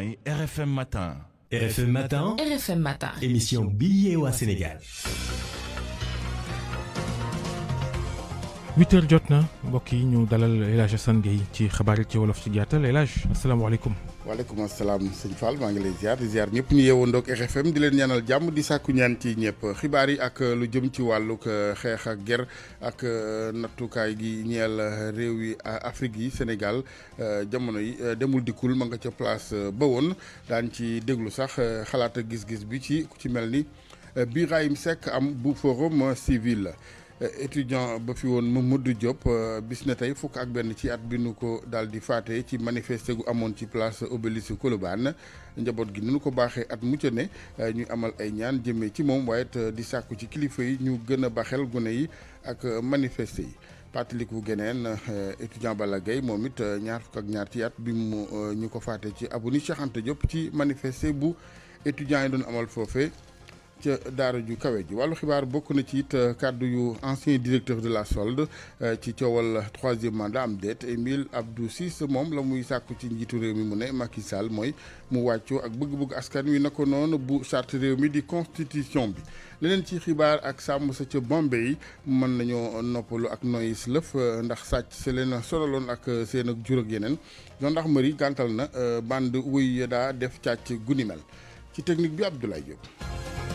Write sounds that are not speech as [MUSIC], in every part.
RFM Matin. RFM Matin. RFM Matin. émission bi yeewaa Sénégal. 8 heures jot na mbokk yi ñu dalal El Hadj Assane Gueye ci xabaar yi ci wolof ci gàttal El Hadj asalaamaaleykum. waaleykum asalaam sëñ Fall maa ngi lay ziar di ziar ñëpp ñu yeewoondoog RFM di leen ñaanal jàmm di sàkku ñaan ci ñëpp xibaar yi ak uh, lu jëm ci wàllug uh, xeex ak ger ak uh, nattukaay gi ñeel réew yi Afrique yi Sénégal jamono yi demul dikkul ma nga ca place ba woon daan ci déglu sax xalaat a gis-gis bi ci ku ci mel ni Birahim sekk am bu forum civil. Eh, étudiant ba fi woon Mamadou Diop eh, bis na tey fukk ak benn ci at bi nu ko daal di faate ci manifester gu amoon ci place Obélisque kolobaan njaboot gi nu ko baaxee at mucc ne eh, ñu amal ay ñaan jëmee ci moom waaye di sàkku ci kilifa yi ñu gën a baxel gune yi ak manifester yi. fàttaliku geneen étudiant Balla Gaye moom it ñaar fukk ak ñaar ci at bi mu ñu ko faatee ci avenue Cheikh Anta Diop ci manifester bu étudiant yi doon amal foofe ca daara ju kawe ji wàllu xibaar bokk na ci it euh, kàddu yu ancien directeur de la solde euh, ci coowal troisième mandat am déet Émile Abdou Ciss moom la muy sàkku ci njiitu réew mi mu ne Macky Sall mooy mu wàccoo ak bëgg-bëgg askan wi na ko noonu bu charte réew mi di constitution bi leneen ci xibaar ak sàmm sa ca Bombay mën nañoo noppalu ak noyis lëf euh, ndax sàcc se leen sonaloon ak seen ak jur ak yeneen gendarmerie gantal na band wuy daa def càcc gunimel ci technique bi Abdoulaye Diop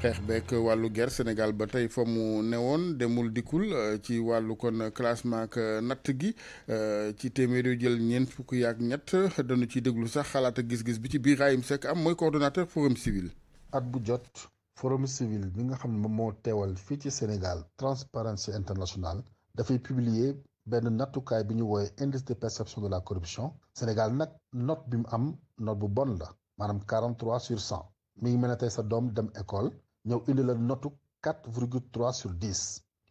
xeex beeg wàllu guerre Sénégal ba tey fa mu newoon demul dikkul euh, ci wàllu kon classement ak euh, natt gi euh, ci téeméer yu jël ñeent fukk yaak ñett dañu ciy déglu sax xalaat gis-gis bi ci biir Rahim Seck am mooy coordonnateur forum civil. at bu jot forum civil bi nga xam ne moom moo teewal fii ci Sénégal Transparency International dafay publier. benn nattukaay bi ñu woowe indice de perception de la corruption Sénégal nag note bi mu am note bu bon la maanaam 43 sur 100 mi ngi mel ne tey sa doom dem école ñëw indi la notu quatre virgule trois sur dix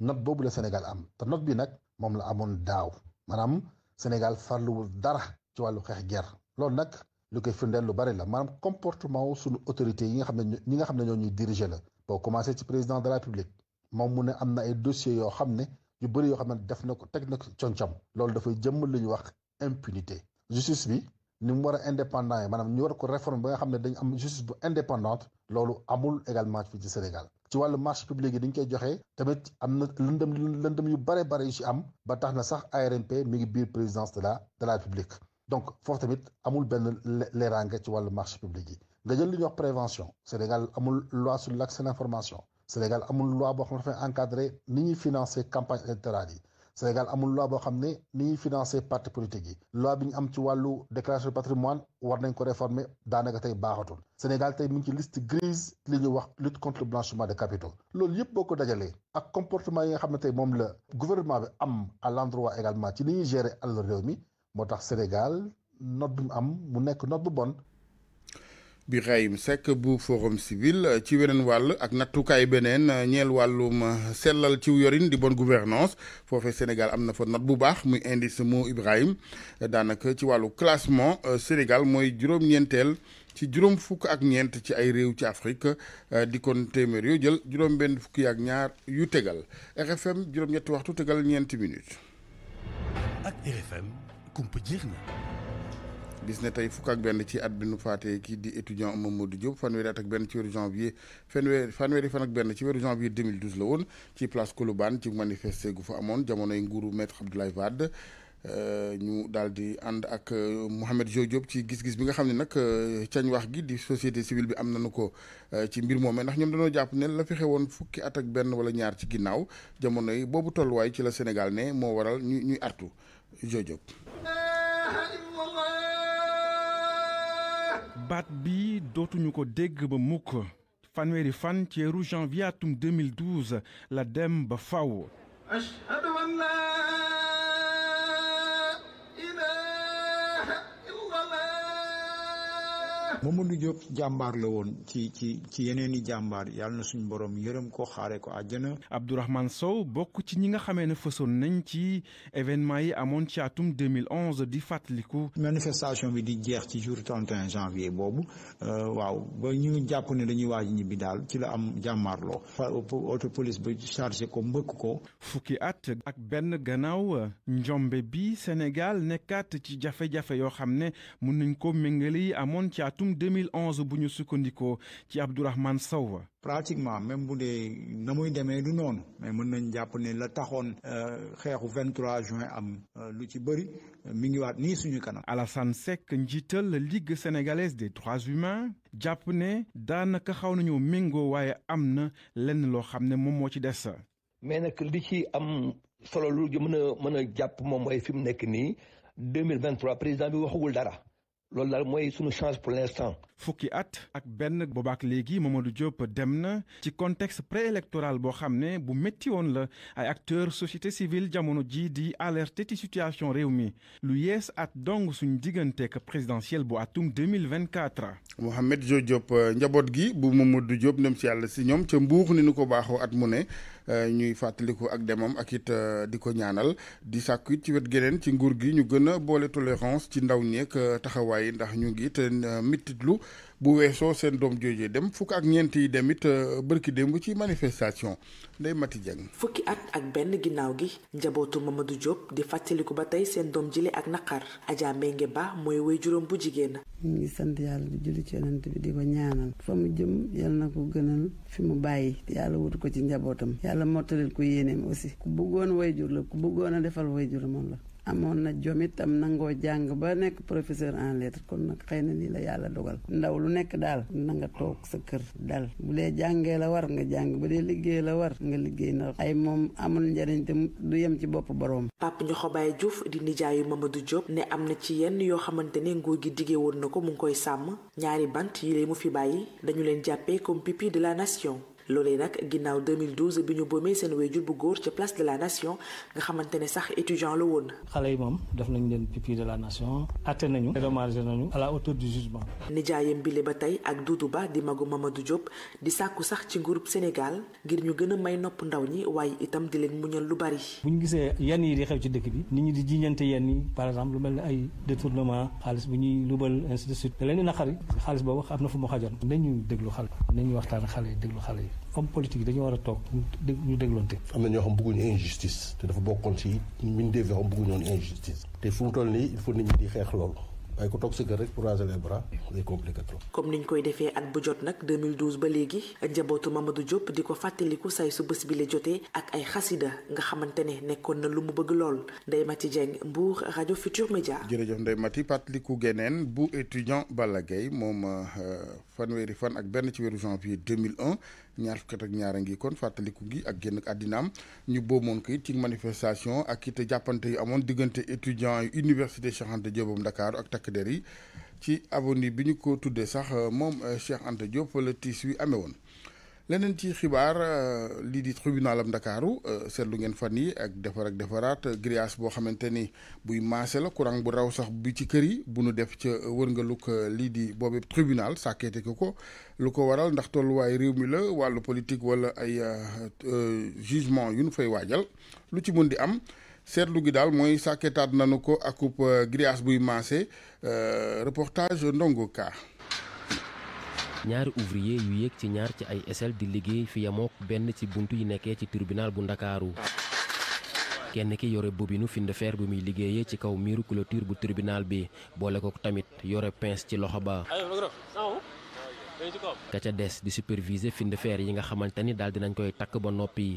note boobu la Sénégal am te not bi nag moom la amoon daaw maanaam Sénégal farluwul dara ci wàllu xeex guerre loolu nag lu koy firndeel lu bari la maanaam comportement wu suñu autorité yi nga xam ne ñi nga xam ne ñoo ñuy diriger la boo commencé ci président de la République moom mu ne am na ay dossiers yoo xam ne yu bëri yoo xam ne def na ko teg na ko concam loolu dafay jëmm lu ñuy wax impunité justice bi ni mu war a indépendant yi maanaam ñu war ko réforme ba nga xam ne dañ am justice bu indépendante loolu amul également fii ci Sénégal ci wàllu marché public yi dañ koy joxe tamit am na lëndëm lëndëm yu bare bare yu ci am ba tax na sax ARMP mi ngi biir présidence de la de la République donc foofu tamit amul benn leeraange ci wàllu marché public yi nga jël li ñuy wax prévention Sénégal amul loi sur l'accès à l'information Sénégal amul loi boo xam ne dafay encadrer ni ñuy financer campagne électorale yi Sénégal amul loi boo xam ne ni ñuy financer parti politique yi loi bi ñu am ci wàllu déclaration de patrimoine war nañ ko réformer daanaka tey baaxatul Sénégal tey mu ngi ci liste grise li ñuy wax lutte contre le de capitaux loolu yëpp boo ko dajalee ak comportement yi nga xam ne tey moom la gouvernement bi am à waa également ci ni ñuy gérer alal réew mi moo tax Sénégal note bi mu am mu nekk note bu bon Birahim sekk bu Forum Civil eh, ci weneen wàll ak nattukaay beneen eh, ñeel wàllum eh, sellal ci yorin di bonne gouvernance foofee Sénégal am na fa nat bu baax muy indice moo Ibrahim daanaka ci wàllu classement Sénégal mooy juróom-ñeenteel ci juróom fukk ak ñeent ci ay réew ci Afrique di kon téeméer yoo jël juróom benn fukki ak ñaar yu tegal RFM juróom-ñetti waxtu tegal ñeenti minutes. ak RFM kumpa jeex na. bis ne tey fukk ak benn ci at bi nu faatee kii di étudiant Mamadou Diop fanweeri at ak benn ci weeru janvier fanweeri fanweeri fan ak benn ci weeru janvier 2012 la woon ci place Colobane ci manifester gu fa amoon jamonoy nguuru maître Abdoulaye Wade. Euh, ñu daal di ànd ak euh, Mouhamed Diop ci gis-gis bi nga xam ne nag euh, cañ wax gi di société civile bi am na nu ko ci mbir moomee ndax ñoom dañoo jàpp ne la fexe woon fukki at ak benn wala ñaar ci ginnaaw jamono yi boobu tolluwaay ci la Sénégal ne moo waral ñu ñuy artu Diop. baat bi dootuñu ko dégg ba mukk fanweeri fan ci weeru janvier atum 2012 la dem ba faw Mamadou Diop jàmbaar la woon ci ci ci yeneen i jàmbaar yàlla na suñu borom yërëm ko xaare ko àjjana. Abdourahmane soow bokk ci ñi nga xamee ne fësoon nañ ci événement yi amoon ci atum 2011 di fàttaliku. manifestation bi di jeex ci jour 31 janvier boobu euh, waaw ba ñu jàpp ne dañuy waaj ñibbi daal ci la am jàmbaarloo. auto police ba chargé ko mbëkk ko. fukki at ak benn gannaaw njombe bi Sénégal nekkaat ci jafe-jafe yoo xam ne mun nañ ko méngale yi amoon ci atum 2011 bu ñu sukkandikoo ci Abdourahmane Sawwa pratiquement même bu dee na muy demee du noonu mais mën nañ jàpp ne la taxoon euh, xeexu 23 juin am euh, lu ci bëri euh, mi ngi waat nii suñu kanam. Alassane Seck njiital Ligue sénégalaise des droits humains jàpp ne daanaka xaw nañoo méngoo waaye am na lenn loo xam ne moom moo ci des. mais nag li ci am solo lu mën a mën a jàpp moom ay fi mu nekk nii 2023 président bi waxagul dara. loolu daal mooy suñu chance pour l'instant fukki at ak benn boobaak léegi Mamadou Diop dem na ci contexte préélectoral boo xam ne bu métti woon la ay acteurs société civile jamono ji di alerté ci situation réew mi lu yees at dong suñu digganteeg présidentielle bu atum 2024 Mouhamed Jo Diop eh, njaboot gi bu du Diop dem ci àll si ñoom ca mbuux ni nu ko baaxoo at mu ne Euh, ñuy fàttaliku ak demam ak it euh, di ko ñaanal di sàkk it ci wet geneen ci nguur gi ñu gën a boole tolérance ci ndaw ñeeg euh, taxawaay ndax ñu ngi it lu bu weesoo seen doom joojee dem fukk ak ñeent yi dem it euh, bërki démb ci manifestation Ndeye Mati Dieng fukki at ak benn ginnaaw gi njabootu Mamadou Diop di fàttaliku ba tey seen doom jile ak naqar Adja Mbengue Ba mooy way juróom bu jigéen ñu ngi sant yàlla di julli ci yonent bi di ko ñaanal fa mu jëm yàlla na ko gënal fi mu bàyyi yàlla wutu ko ci njabootam yàlla mottalil ko yéeneem aussi ku bëggoon way jur la ku bëggoon a defal woy jur moom la amoon na jom itam nangoo jàng ba nekk professeur en lettres kon nag xëy na nii la yàlla dogal ndaw lu nekk daal na nga toog sa kër dal bu dee jàngee la war nga jàng bu dee liggéey la war nga liggéey na ay moom amul njariñ te du yem ci bopp boroom. Pape Niokhobaye Diouf di ma Mamadou Diop ne am na ci yenn yoo xamante ne nguur gi diggee woon na ko mu ngi koy sàmm ñaari bant yi lay mu fi bàyyi dañu leen jàppee comme pupille de la nation. loolee nag ginnaaw 2012 bi ñu boomee seen wéyjur bu góor ca place de la nation nga xamante ne sax étudiant la woon. xale yi moom def nañ leen pupille de la nation atte nañu. dédommagé nañu à la hauteur du jugement. nijaayam bile ba tey ak Doudou Ba di magu Mamadou Diop di sàkku sax ci nguurub Sénégal ngir ñu gën a may nopp ndaw ñi waaye itam di leen muñal lu bari. bu ñu gisee yenn yi di xew ci dëkk bi nit ñi di jiñante yenn yi par exemple lu mel ne ay détournement xaalis bu ñuy lubal ainsi de suite da leen di naqari xaalis boobu am na fu mu xajoon nañu déglu xale nañu waxtaan xale yi déglu xale yi homme politique dañu war a toog ñu dégloonte. am na ñoo xam bëgguñu injustice te dafa bokkoon ci mbindeef yoo xam bëgguñu woon injustice te fu mu toll nii il faut nit ñi di xeex loolu. waaye ku toog si kër rek pour raser les comme niñ koy defee at bu jot nag 2012 ba léegi njabootu Mamadou Diop di ko fàttaliku say su bés bi la jotee ak ay xasida nga xamante ne nekkoon na lu mu bëgg lool Ndeye Mati Dieng Mbour rajo Futur Média. jërëjëf Ndeye Mati fàttaliku geneen bu étudiant Balla Gaye moom euh, fanweeri fan ak benn ci weeru janvier 2001 ñaar fukki ak ñaara ngi kon fàttaliku gi ak génn àddinaam ñu booboon ko it ci manifestation ak it jàppante yu amoon diggante étudiant yu université Cheikh Anta takk der yi ci bi ñu ko tuddee sax euh, moom euh, Cheikh Anta Diop la tiis wi amee woon. leneen ci xibaar euh, lii di tribunal am Ndakaaru seetlu ngeen fan yi ak defar ak defaraat grillage boo xamante ni buy maase la courant bu raw sax bi ci kër yi bu nu def ca wërngaluk lii di boobu tribunal sàkkeete ko ko lu ko waral ndax tolluwaay réew mi la wàllu politique wala ay jugement yu nu fay waajal lu ci mën di am. seetlu gi daal mooy sàkketaat nanu ko akub euh, grillage buy maase euh, reportage Ndongo Ka ñaari ouvrier yu yéeg ci ñaar ci ay échelle di liggéey fi yamook benn ci bunt yi nekkee ci tribunal bu ndakaaru kenn ki yore bobinu fin de fer bi muy liggéeyee ci kaw miiru clôture bu tribunal bi boole ko tamit yore pince ci loxo ba ka ca des di superviser fin de fer yi nga xamante ni daal dinañ koy takk ba noppi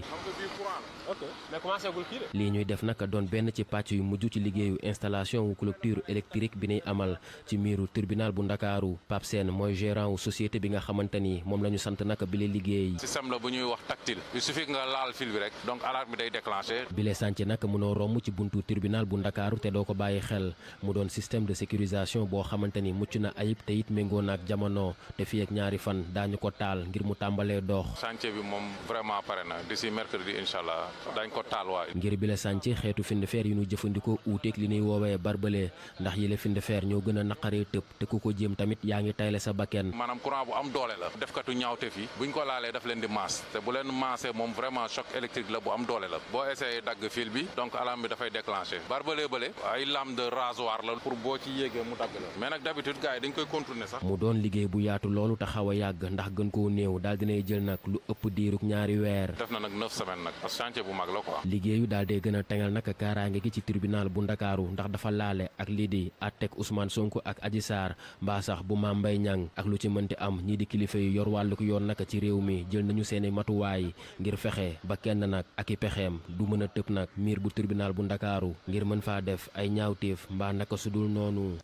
ok mais lii ñuy def nag doon benn ci pàcc yu mujj ci liggéeyu installation wu clôture électrique bi ñuy amal ci miiru tribunal bu ndakaaru Pape Sène mooy gérant société bi nga xamante ni moom la ñu sant nag bile liggéey. système la bu ñuy wax tactile. il suffit nga laal fil bi rek. donc alarme bi day déclenché. bile sànc nag mënoo romb ci buntu tribunal bu ndakaaru te doo ko bàyyi xel mu doon système de sécurisation boo xamante ni mucc na ayib te it méngoo na ak jamono ñaari fan daañu ko taal ngir mu tàmbalee dox. chantier moom vraiment pare na d'ici mercredi incha dañ ko taal waay. ngir bi la sànci xeetu find feer yi ñu jëfandikoo uuteeg li ñuy woowee barbelé ndax yi la ñoo gën a naqaree tëb te ku ko jéem tamit yaa ngi tayle sa bakken. maanaam courant bu am doole la. defkatu ñaawte fi buñ ko laalee daf leen di maas te bu leen maasee moom vraiment choc électrique la bu am doole la boo essayé dagg fil bi donc alarme bi dafay déclenché barbelé bële ay lame de rasoir la pour boo ci yéegee mu dagg la mais nag d'habitude gars yi dañ koy contourner sax. mu doon liggéey bu yaatu loolu te xaw a yàgg ndax gën koo néew daal dinay jël nag lu ëpp diiruk ñaari weer def na nag neuf semaines nag chantier bu mag liggéeyu daal dee gën a tengal nag kaaraange gi ci tribunal bu ndakaaru ndax dafa laale ak lii di àtteeg Ousmane Sonko ak Adji Sarr mbaa sax bu Mame mbay Niang ak lu ci mënti am ñii di kilifa yu yor wàllug yoon nag ci réew mi jël nañu seeni matuwaay ngir fexe ba kenn nag ak i pexeem du mën a tëb nag miir bu tribunal bu ndakaaru ngir mën faa def ay ñaawteef mbaa naka sudul noonu.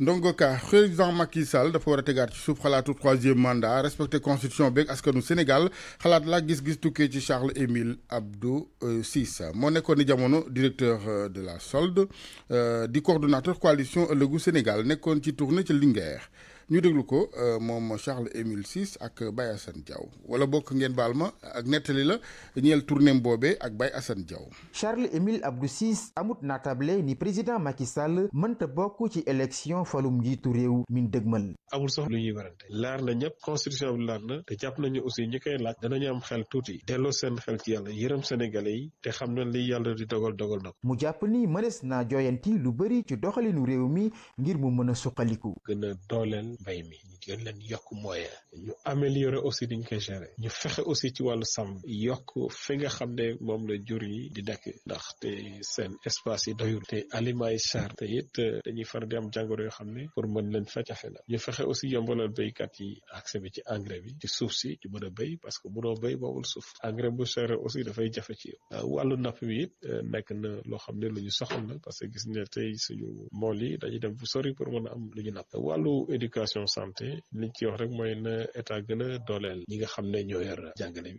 Ndongo Ka président Macky Sall dafa war a tegaat suuf xalaatu troisième mandat respecté constitution beeg askanu Sénégal xalaat laa gis-gis tukkee ci Charles Émile Abdou euh, Cissé moo nekkoon ni jamono directeur euh, de la solde euh, di coordonnateur coalition ëllëgu Sénégal nekkoon ci tournée ci Linguère. ñu déglu ko euh, moom Charles Émile Ciss ak Baye Assane Diaw wala bokk ngeen baal ma ak nettali la ñeel tournéem boobee ak Baye Assane Diaw. Charles Émile Abdou Ciss amut naatable ni président Macky Sall mënta bokk ci élection falum njiitu réew min dëgmal. amul sax lu ñuy warante laar na ñëpp constitution bi laar na te jàpp nañu aussi ñi koy laaj danañu am xel tuuti delloo seen xel ci yàlla yërëm sénégalais yi te xam na li yàlla di dogal dogal na mu jàpp ni mënees naa jooyanti lu bëri réew mi ngir mu mën a suqaliku. mbay mi ñu gën leen yokk mooye ñu améliorer aussi diñ koy gérer ñu fexe aussi ci wàllu sam yokk fi nga xam ne moom la jur yi di dakk ndaxte seen espace yi doyul te aliments yi cher te euh, dañuy far di am yoo xam ne pour mën leen fajafe ñu fexe aussi yombalal béykat yi accès bi ci engrais bi ci suuf si ci mën béy parce que mënoo béy boobul suuf engrais bu cher aussi dafay jafe ci yow wàllu napp bi it euh, nekk na loo xam ne lu ñu soxal parce que gis ne tey suñu mool yi dañu dem bu sori pour mën a am lu ñu napp wàllu éducation administration santé liñ ci wax rek mooy a xam ne ñoo yor jàngale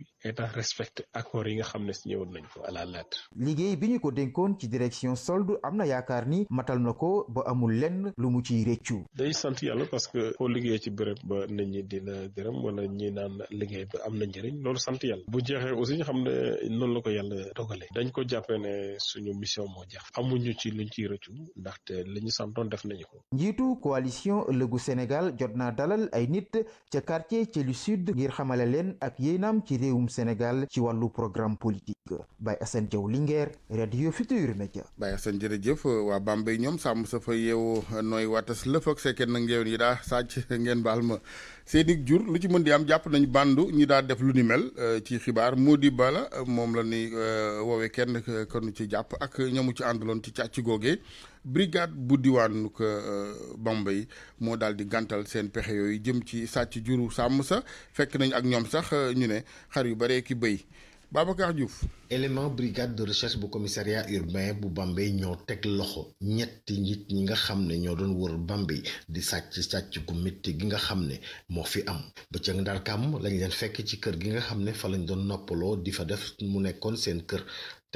ko la lettre. liggéey bi ñu ko dénkoon ci direction solde am na yaakaar ni matal na ko ba amul lenn lu mu ciy réccu. day sant yàlla parce que koo liggéey ci béréb ba nit ñi di la gërëm wala ñi naan liggéey ba am na njëriñ loolu sant yàlla bu jeexee aussi ñu xam ne noonu la ko yàlla dogalee dañ ko jàppee ne suñu mission moo jeex amuñu ci luñ ciy rëccu ndaxte li ñu santoon def nañu ko. njiitu coalition ëllëgu Sénégal Sénégal jot naa dalal ay nit ca quartier Thiély Sud ngir xamale leen ak yéenam ci réewum Sénégal ci wàllu programme politique Baye Assane Diaw Linguère Radio Futurs Médias Baye Assane jërëjëf waa Bambey ñoom sàmm sa fa yeewu nooy waatas lëf ak sekkeen nag ngeewen yi daa sàcc ngeen baal ma seen seeni jur lu ci mën di am jàpp nañu bàndu ñi daal def lu ni mel euh, ci xibaar moo di bala euh, moom la ni euh, woowee kenn kanu ci jàpp ak ñamu ci àndaloon ci càcc googee brigade bu diwaanu ko Bambey moo daal di gàntal seen pexe yooyu jëm ci sàcc juru sàmm sa fekk nañu ak ñoom sax ñu ne xar yu baree ki bëy Babacar Diouf. élément brigade de recherche bu commissariat urbain bu Bambey ñoo teg loxo ñetti nit ñi nga xam ne ñoo doon wër Bambey di sàcc sàcc gu métti gi nga xam ne moo fi am bëccëg ndarkaam lañ leen fekk ci kër gi nga xam ne fa lañ doon noppaloo di fa def mu nekkoon seen kër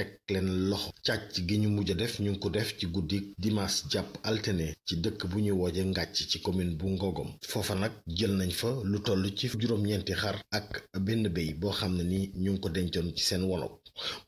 teg leen loxo càcc gi ñu mujj a def ñu ngi ko def ci guddi dimaas jàpp altine ci dëkk bu ñuy wooje ngàcc ci commune bu ngoogom foofa nag jël nañ fa lu toll ci juróom-ñeenti xar ak benn béy boo xam ne ni ñu ngi ko dencoon ci seen wolof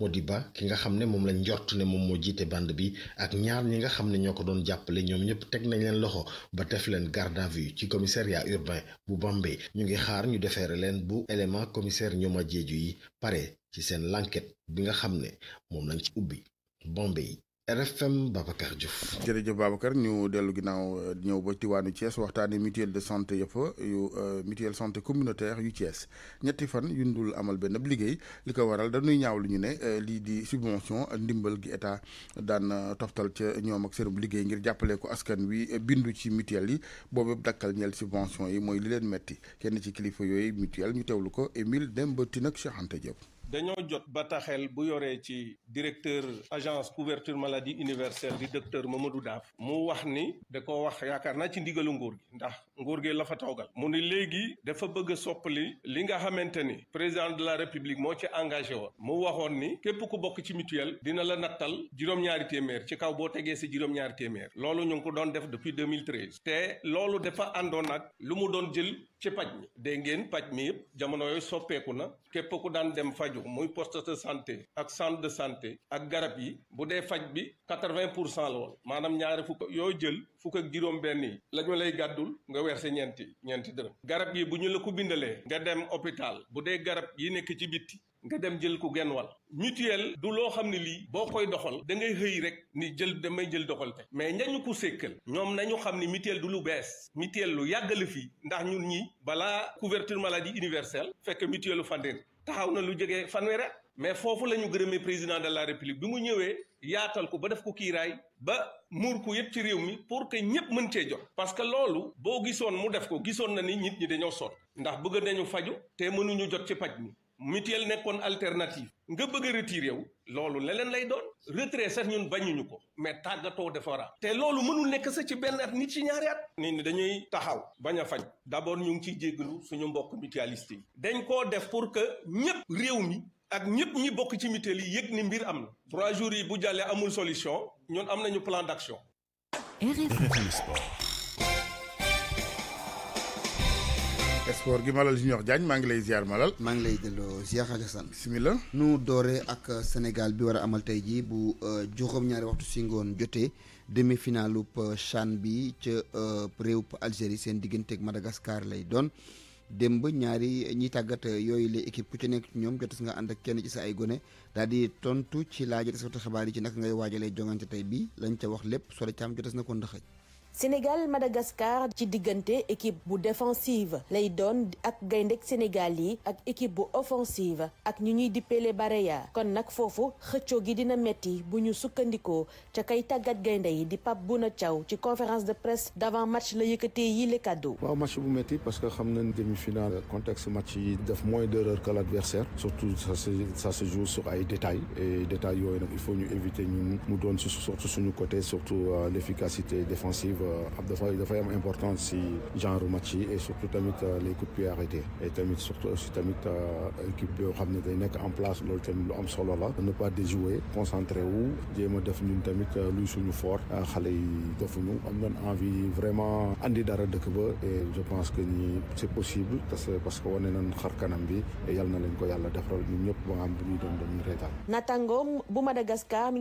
Modiba ki nga xam ne moom lañ njort ne moom moo jiite band bi ak ñaar ñi nga xam ne ñoo ko doon jàppale ñoom ñëpp teg nañ leen loxo ba def leen garde à vue ci commissariat urbain bu Bambey ñu ngi xaar ñu defeere leen bu élément commissaire ñooma jeeju yi pare ci seen l'enquête bi nga xam ne moom lañ ci ubbi Bombay yi RFM Babacar Diouf. jërëjëf Babacar ñu dellu ginnaaw ñëw ba Tiwaanu Thiès waxtaanee mutuelle de santé yëpp yu euh, mutuelle santé communautaire yu cees ñetti fan yu ndul amal benn liggéey li ko waral dañuy ñaaw lu ñu ne euh, lii di subvention ndimbal gi état daan euh, toftal ca ñoom ak seenub liggéey ngir jàppale ko askan wi bindu ci mutuelle yi boobu dakkal ñeel subvention yi mooy li leen metti kenn ci kilifa yooyu mutuelle ñu teewlu ko Émile Demba Tine ak Cheikh Anta Diop. dañoo jot bataaxel bu yoree ci directeur agence couverture maladie universelle di docteur Mamadou Daaf mu wax ni da ko wax yaakaar naa ci ndigalu nguur gi ndax nguur gi la fa toogal mu ni léegi dafa bëgg a soppali li nga xamante ni président de la république moo ci engagé woon mu waxoon ni képp ku bokk ci mutuelle dina la nattal juróom-ñaari téeméer ci kaw boo tegee si juróom-ñaari téeméer loolu ñu ngi ko doon def depuis 2013 te loolu dafa àndoon ak lu mu doon jël ci paj mi dégg ngeen paj mi yëpp jamono yooyu soppeeku na képp ku daan dem faju muy poste de santé ak centre de santé ak garab yi bu dee faj bi quatre-vingt pour cent la maanaam ñaari fukk yoo jël fukk ak juróom benn yi la lay gàddul nga weer si ñeenti ñeenti dërëm garab yi bu ñu la ko bindalee nga dem hôpital bu dee garab yi nekk ci bitti nga dem jël ku genn wàll mutuelle du loo xam ne lii boo koy doxal da ngay xëy rek ni jël damay jël doxal te mais ñañu ko sékkal ñoom nañu xam ni mutuelle du lu bees mutuel lu yàggale fii ndax ñun ñii balaa couverture maladie universelle fekk mutuelle lu Fandène taxaw na lu jógee fanwe at mais foofu la ñu gërëmee président de la république bi mu ñëwee yaatal ko ba def ko kiiraay ba muur ko yëpp ci réew mi pour que ñëpp mën cee jot parce que loolu boo gisoon mu def ko gisoon na ni nit ñi dañoo sonn ndax bëgg nañu faju te mënuñu jot ci paj mi mutuelle nekkoon alternative nga bëgg a wu loolu leneen lay doon retrait sax ñun bañuñu ko mais tàggatoo defaraat te loolu mënul nekk sax ci benn at nit ci ñaari at nit ñi dañuy taxaw bañ a fañ d'abord ñu ngi ciy jéggalu suñu mbokk mutualiste yi dañ koo def pour que ñëpp réew mi ak ñëpp ñi bokk ci mutuelle yi yëg ni mbir am na trois jours yi bu jàllee amul solution ñun am nañu plan d'action sport gi Malal Junior jaañ maa ngi lay ziar Malal. maa ngi lay delloo ziar Alassane. bisimilah nu dooree ak Sénégal bi war a amal tey jii bu euh, juróom-ñaari waxtu si ngoon jotee demi-finaalu euh, CHAN bi ca euh, réew Algérie seen digganteeg Madagascar lay doon. démb ñaari ñiy tàggat yooyu la équipe ku ci nekk ci ñoom jotas nga ànd ak kenn ci sa ay gone daal di tontu ci laaj taskatu xibaar yi ci naka ngay waajalee jongante tey bi lañ ca wax lépp solo caam jotas na ko ndaxaj Sénégal Madagascar ci diggante équipe bu défensive lay doon ak gayndek Sénégal yi ak équipe bu offensive ak ñu ñuy dippele Bareya kon nag foofu xëccoo gi dina metti bu ñu sukkandikoo ca kay tàggat gaynde yi di Pape na Thiaw ci conférence de presse d'avant match la yëkkatee yi le waaw match bu metti parce que xam nañ demi-finale contexte match yi def moins d'erreur que l'adversaire surtout ça se ça se joue sur ay détails et détails yooyu nag il faut ñu éviter ñu mu doon su suñu côté surtout euh, l'efficacité défensive. ab euh, dafay dafay am importance si genre match yi et surtout tamit euh, les coups de pied et tamit surtout aussi tamit euh, équipe yoo xam ne day nekk en place loolu tamit lu am solo la ne pas déjouer concentré wu jéem a def ñun tamit luy suñu fort xale yi defuñu am nañ envie vraiment andi dara dëkk ba et je pense que ni c'est possible parce que parce que wane nañ xar kanam bi et yal na leen ko yàlla defaral ñun ñëpp ba nga xam bu ñuy doon dañuy reetaan. natangoom bu Madagascar bu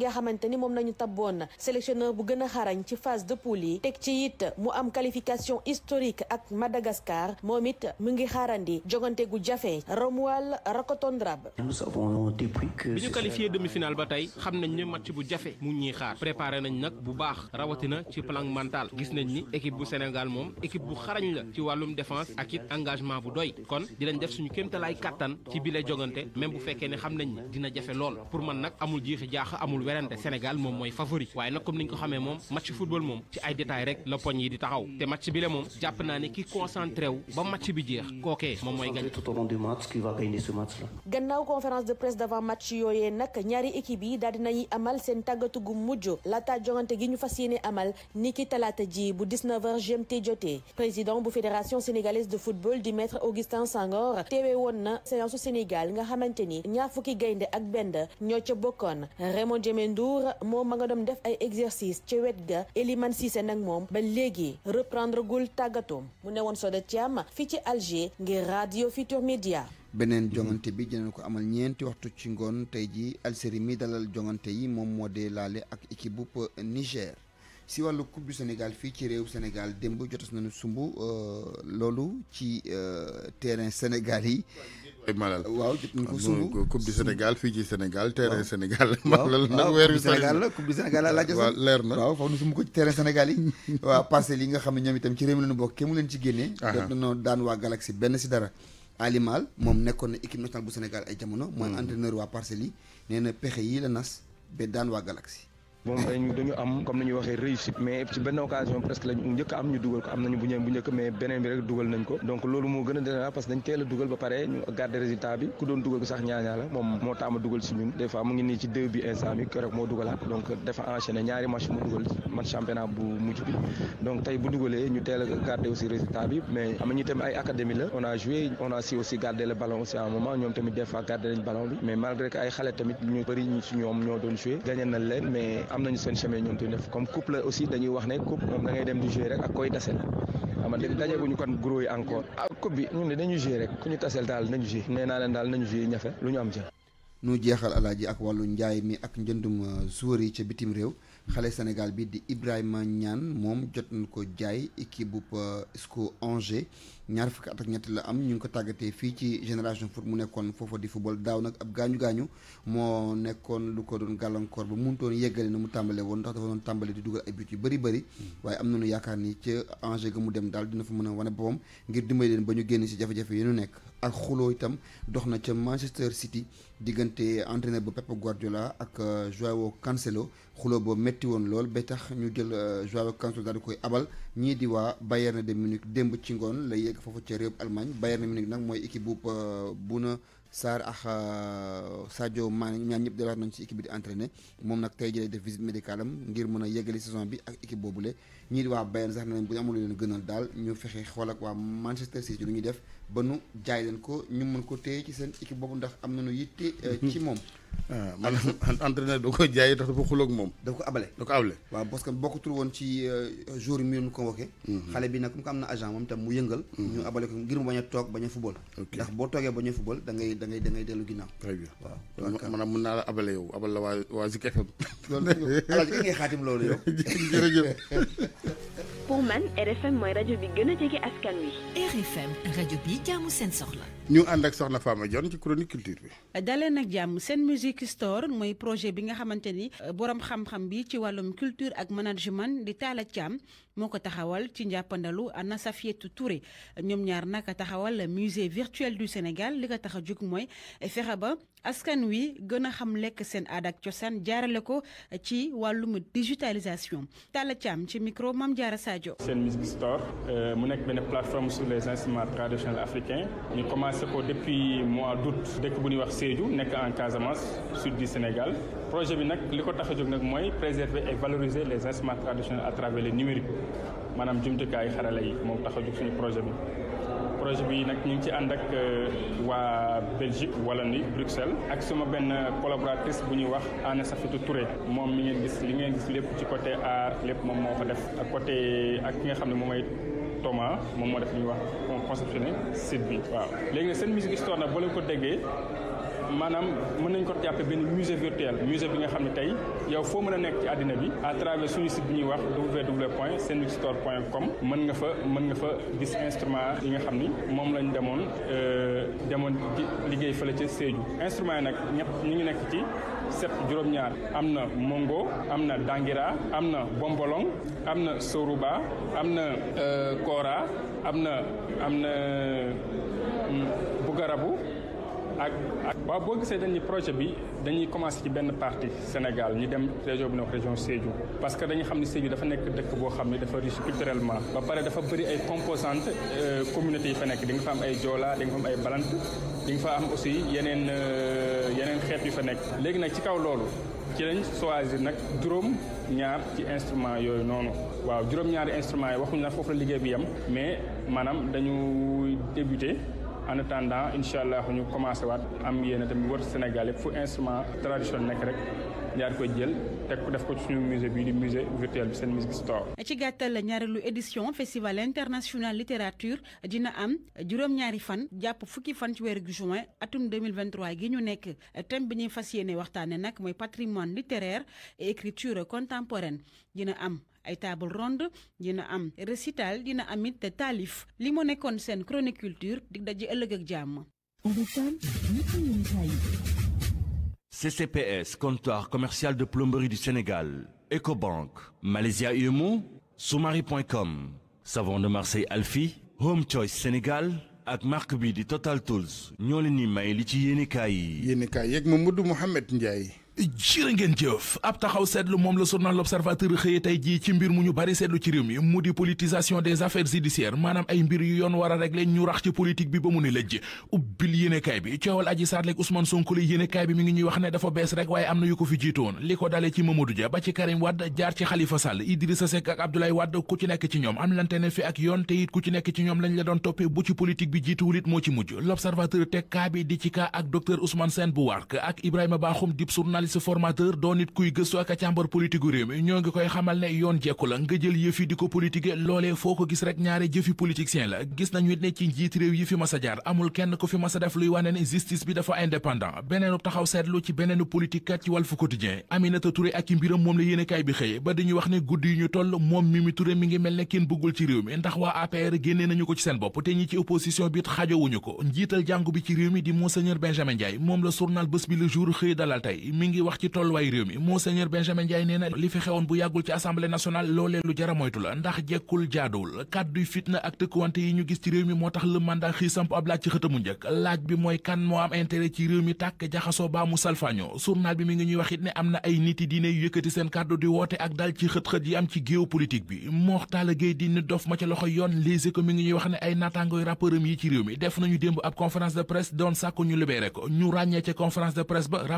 gën a teg ci mu am qualification historique ak Madagascar moom it mu ngi xaarandi jogante gu jafe Romuald Rakotondrab. bi ñu qualifié demi-finale ba tey xam nañ ne match bu jafe mu ñuy xaar préparé nañ nag bu baax rawatina ci plan mental gis nañ ni équipe bu Sénégal moom équipe bu xarañ la ci wàllum défense ak it engagement bu doy kon dinañ def suñu kéemtalaay kàttan ci bile jogante même bu fekkee ne xam nañ ni dina jafe lool pour man nag amul jiixi jaax amul werante Sénégal moom mooy favori waaye nag comme niñ ko xamee moom match football moom ci ay détails taxawaay rek la poñ yi di taxaw te match bi la moom jàpp naa ne ki concentré wu ba match bi jeex kookee moom mooy gannaaw conférence de presse d'avant match yooyee nag ñaari équipe yi daal dinañuy amal seen tàggatu gu mujj laata gi ñu fas yéene amal ni ki talaata ji bu 19h GMT jotee président bu fédération sénégalaise de football di maître Augustin Senghor teewee woon na séance Sénégal nga xamante ni ñaar fukki gaynde ak benn ñoo ca bokkoon Raymond Jémé Ndour moo ma nga doon def ay exercice ca moom ba léegi reprendre gul tàggatoom mu newoon Soda Thiam fii ci Alger ngir radio Futurs Médias. beneen jongante bi dinañ ko amal ñeenti waxtu ci ngoon tey ji Algérie mi dalal jongante yi moom moo dee laale ak équipe bu Niger. si wàllu coupe du Sénégal fii ci réew Sénégal démb jotas nañu sumb euh, loolu ci euh, terrain Sénégal yi. malal waaw jot nañu ko sumb coupe du Sénégal fii ci Sénégal terrain Sénégal. [LAUGHS] malal nag weer wi Sénégal la coupe du Sénégal la laaj. waaw leer na waaw foofu ñu sumb ko ci terrain Sénégal yi. [LAUGHS] waaw parcelles yi nga xam ne ñoom itam ci réew mi lañu bokk mu leen ci génnee. jot nañoo daan waa Galaxy benn si dara. Alimal moom nekkoon na équipe nationale bu Sénégal ay jamono. mooy hmm. entraîneur waa parcelles yi nee pexe yi nas ba daan waa moom dañu dañu am comme nañu waxee réussite mais ci benn occasion presque lañ njëkk am ñu dugal ko am nañu bu njëkk mais beneen bi rek dugal nañ ko donc loolu moo gën a dina a dugal ba pare ñu garder résultat bi ku doon dugal ko sax la dugal si ñun des fois mu ngi nii ci deux bi instant bi keroog moo dugalaat donc dafa bu mujj ñu teel a garder aussi résultat bi mais am ay a joué a si aussi garder le xale tamit ñu bëri ñu ñoom ñoo doon joué gagné leen am nañu seen chemin ñoom duñ def comme couple la aussi dañuy wax ne couple moom da ngay dem di jouer rek ak koy dasel ama ah, dégg dajeguñu kon gros yi encore ah coupe bi ñun ne dañu jouer rek ku ñu tasel daal nañu jouer nee naa leen daal nañu jouer ñafe lu ñu am jël nu jeexal alaaji ak wàllu njaay mi ak njëndum euh, joueur yi ca bitim réew xale Sénégal bi di Ibrahima Niane moom jot nañ ko jaay équipe bu euh, SCO Angers ñaar fukki ak ñetti la am ñu ngi ko tàggatee fii ci génération foot mu nekkoon foofa di football daaw nag ab gaañu gaañu moo nekkoon lu ko doon gàllankoor ba mënutoon yeggale na mu tàmbale woon ndax dafa doon tàmbale di dugal ay but yu bëri bëri hmm. waaye am nañu yaakaar ni ca Angers mu dem daal dina fa mën a wane boppam ngir dimbali leen ba ñu génn si jafe-jafe yi nekk ak xuloo itam dox na ca Manchester City diggante entraîneur ba Pep Guardiola ak euh, Joao Cancelo xuloo boobu metti woon lool ba tax ñu jël euh, Joao Cancelo daal di koy abal ñii di waa ne de Munich démb ci ngoon la yegg nekk foofu ca réewum Allemagne Bayern Munich nag mooy équipe bu euh, Bouna Sarr ak euh, Sadio Mané ñaan ñëpp delluwaat nañ ci équipe bi di entraîné moom nag tey jii def visite médicale am ngir mën a yeggali saison bi ak équipe boobule ñii di waa Bayern sax nañ bu ñu amul leen gënal daal ñu fexe xool ak waa Manchester City lu ñuy def ba nu jaay leen ko ñu mën ko téye ci seen équipe boobu ndax am na nañu yitte. Euh, ci moom. Ah, [LAUGHS] man entraîneur da ko jaay tax dafa xuloo moom. da ko abale da ko abale. waaw parce que bokkutul woon ci euh, jour yi mu leen convoqué. Mhm. xale bi nag mu que am na agent moom tam mu yëngal. mu mhm. abale ko ngir mu bañ a toog bañ a football. ndax boo toogee bañ a football da ngay da ngay da ngay dellu ginnaaw. très bien waaw kon maanaam mën abale yow abal la waa waa Zik FM. [LAUGHS] loolu alal ji ngay xaatim loolu yow. [LAUGHS] jërëjëf. pour man RFM mooy a jege ak soxna Fama Dione ci chronique culture bi. dalee nag jàmm seen Music Store mooy projet bi nga xamante ni euh, borom xam-xam bi ci wàllum culture ak management di Talla Thiam moo ko taxawal ci njàppandalu Anna Safietou Touré ñoom ñaar nag taxawal musée virtuel du Sénégal li ko tax a jug mooy fexe ba askan wi gën a xam lekk seen aada ak cosaan jaarale ko ci wàllum digitalisation Talla Thiam ci micro Mame Diarra Sadio. seen Music Store euh, mu nekk benn plateforme sur les instruments traditionnels africains ñu commencé ko depuis mois d'août dëkk bu ñuy wax Sédhiou nekk en Casamance sud du Sénégal projet bi nag li ko tax a jóg nag mooy préserver et valoriser les instruments traditionnels à travers le maanaam jumtukaay xarala yi moom tax a jóg suñu projet bi projet bi nag ñu ngi ci ànd ak euh, waa Belgique wala ni Bruxelles ak sama benn collaboratrice bu ñuy wax Anna Safitou Touré moom mi ngeen gis li ngeen gis lépp ci côté art lépp moom moo ko def ak côté ak ki nga xam ne moom mooy Thomas moom moo def li ñuy wax conceptionné site bi waaw léegi nag seen musique histoire nag ba ko déggee maanaam mën nañ ko jàppe benn musée virtuel musée bi nga xam ne tey yow foo mën a nekk ci àddina bi à travers suñu site bi ñuy wax www point senwikstore point com mën nga fa mën nga fa gis instrument yi nga xam ni moom lañu demoon euh, demoon ci liggéey fële ca Sédhiou instrument yi nag ñett ñu ngi nekk ci sept juróom-ñaar am na mongo am na dangira am na bombolong am na soruba am na euh, kora am na am na hmm, bugarabu ak waaw boo gisee dañuy projet bi dañuy commencé ci benn partie Sénégal ñu dem région bi ñu wax région Sédhiou parce que dañu xam ne Sédhiou dafa nekk dëkk boo xam ne dafa riche culturellement ba pare dafa bëri ay composante euh, communauté yi fa nekk di nga fa am ay joola di fa am ay balant di nga fa am aussi yeneen euh, yeneen xeet yi fa nekk léegi nag ci kaw loolu ci lañ choisir nag juróom ñaar ci instrument yooyu noonu waaw juróom-ñaari instrument yi waxuñu na foofu la bi yem mais maanaam dañu débuté en attendant incha allah ñu commencé waat am yéen tamit wër Sénégal yëpp fu instrument traditionnel nekk rek ñaar koy jël teg ko def ko ci suñu musée bii di musée virtuel bi seen musique store. ci gàttal ñaareelu édition festival international littérature dina am juróom-ñaari fan jàpp fukki fan ci weeru juin atum 2023 gi ñu nekk thème bi ñuy fas yéene waxtaane nag mooy patrimoine littéraire et écriture contemporaine dina am. ay table ronde dina am récital dina amit te taalif li mu nekkoon seen chronique culture di daje ëllëg ak jàmm. CCPS comptoir commercial de plomberie du Sénégal Ecobank Malaysia UMO Soumari.com savon de Alfi Home Choice Sénégal ak marque bi di Total Tools ñoo leen ni may li ci yéenekaay yi. yéenekaay yeeg Mamadou Mouhamed Ndiaye. jërë ngeen jëf ab taxaw seetlu moom la journal l'observateur xëye tey jii ci mbir mu ñu bari seetlu ci réew mi mu di politisation des affaires judiciaires maanaam ay mbir yoon war a régler ñu rax ci politique bi ba mu ne lëjj ubbil yéenekaay bi coowal Adji Sarr ak Ousmane yéenekaay bi mi ngi ñuy wax ne dafa bees rek waaye am na yu ko fi jiitoon li ko dalee ci Mamadou Dia ba ci Karim Wade jaar ci Khalifa Sall Idrissa Seck ak ak yoon te ku ci journaliste formateur doon nit kuy gëstu ak a càmbar politique u réew mi ñoo ngi koy xamal ne yoon jekku la nga jël yëf di ko politique loolee foo ko gis rek ñaare jëfi politicien la gis nañu it ne ci njiit réew yi fi mas a jaar amul kenn ku fi mas a def luy wane ne justice bi dafa indépendant beneenu taxaw seetlu ci beneenu politique kat ci Walf Quotidien Aminata Touré ak i mbiram moom la yéenekaay bi xëye ba dañuy wax ne guddi yu ñu toll moom Mimi Touré mi ngi mel ne kenn bëggul réew mi ndax waa APR génnee nañu ko ci seen bopp te ñi ci opposition bi it xajowuñu ko njiital jàngu bi ci réew mi di monseigneur Benjamin Ndiaye moom la journal bés bi le jour xëy ngi wax ci tolluwaayu réew mi Benjamin Ndiaye nee na li fi xewoon bu yàggul ci assemblée nationale loolee lu la ndax jekkul jaaduwul kàdduy fitna ak tëkkuwante yi ñu gis ci réew mi moo tax le mandat samp ab laaj ci xëtamu njëkk laaj bi mooy kan moo am intérêt ci réew mi tàkk jaxasoo baa mu salfaañoo journal bi mi ngi ñuy wax it ne am na ay nit yi diine yu yëkkati seen kàddu di woote ak dal ci xët-xët yi am ci géopolitique bi mooxtaala géey di dof ma ci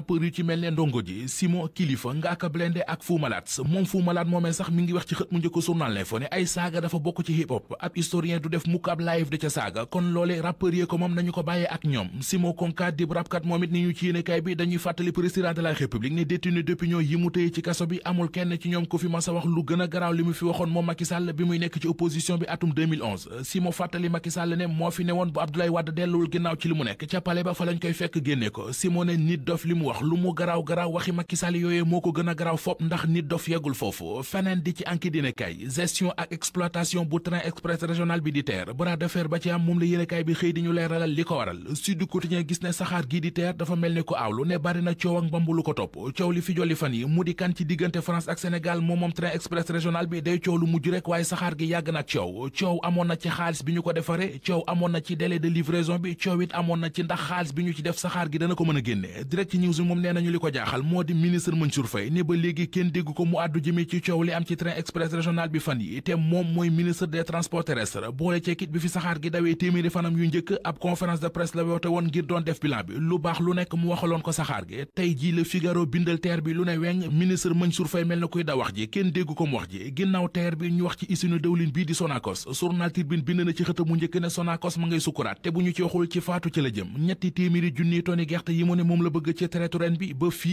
réew ndongo Simon Kilifa Ngaaka Blindé ak Fou moom Fou moomee sax mi ngi wax ci xët mu njëkk journal L'Info ne ay saaga dafa bokk ci hip hop ab historien du def mukk ab live de ca saaga kon loolee rappeur yi ko moom nañu ko bàyyee ak ñoom Simon Konka dib rapkat moom it ni ñu ci yéenekaay bi dañuy fàttali président de la ne détenu d'opinion yi mu tëye ci kaso bi amul kenn ci ñoom ko fi mas a wax lu gën garaaw li mu fi waxoon moom Macky garaaw waxi Macky Sall moo ko gën garaaw fop ndax nit dof yeggul foofu feneen di ci enquête dina kay gestion ak exploitation bu train express régional bi di TER bras de ba ci am moom la yéenekaay bi xëy di ñu leeralal li ko waral Sud Quotidien gis saxaar gii di TER dafa mel ni ko aawlu ne bari na coow ak mbambu ko topp coow li fi jolli fan yi mu di kan ci diggante France ak Sénégal moom moom express régional bi day coow lu mujj rek waaye saxaar jaaxal moo di ministre Mansour Faye ne ba léegi kenn dégg ko mu àddu jëmee ci coow li am ci train express régional bi fan yi te moom mooy ministre des transports terrestres boole cee bi fi saxaar gi dawee téeméeri fanam yu njëkk ab conférence de presse la woote woon ngir doon def bilan bi lu baax lu nekk mu waxaloon ko saxaar gi tey jii la Figaro bindal teer bi lu ne weng ministre Mansour Faye mel na kuy da ji kenn dégg ko mu wax ji ginnaaw teer bi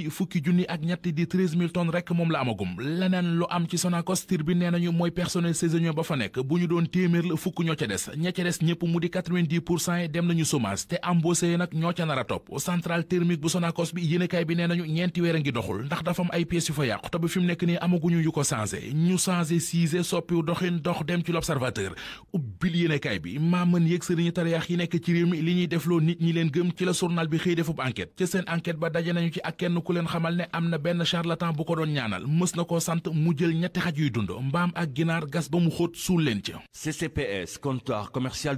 ji fukki junni ak ñett di treize mille moom la amagum leneen lu am ci Sonacos Tribune nee nañu mooy personnel saisonnier ba fa nekk bu ñu doon téeméer la fukk ñoo des ña des ñëpp mu di dem nañu chômage te embauché nag ñoo ca topp centrale thermique bu Sonacos bi yéenekaay bi nee nañu ñeenti weer ngi doxul ndax dafa ay pièces yu fa yàqu te ba nekk nii amaguñu yu ko changé ñu changé siise soppiwu doxin dox dem ci l'observateur ubbil yéenekaay bi bi xëy ku leen xamal ne am na benn charlatan bu ko doon ñaanal mës na koo sant mu jël ñetti xaj yuy dund mbaam ak ginaar gas ba mu xóot suul leen ci CCPS comptoir commercial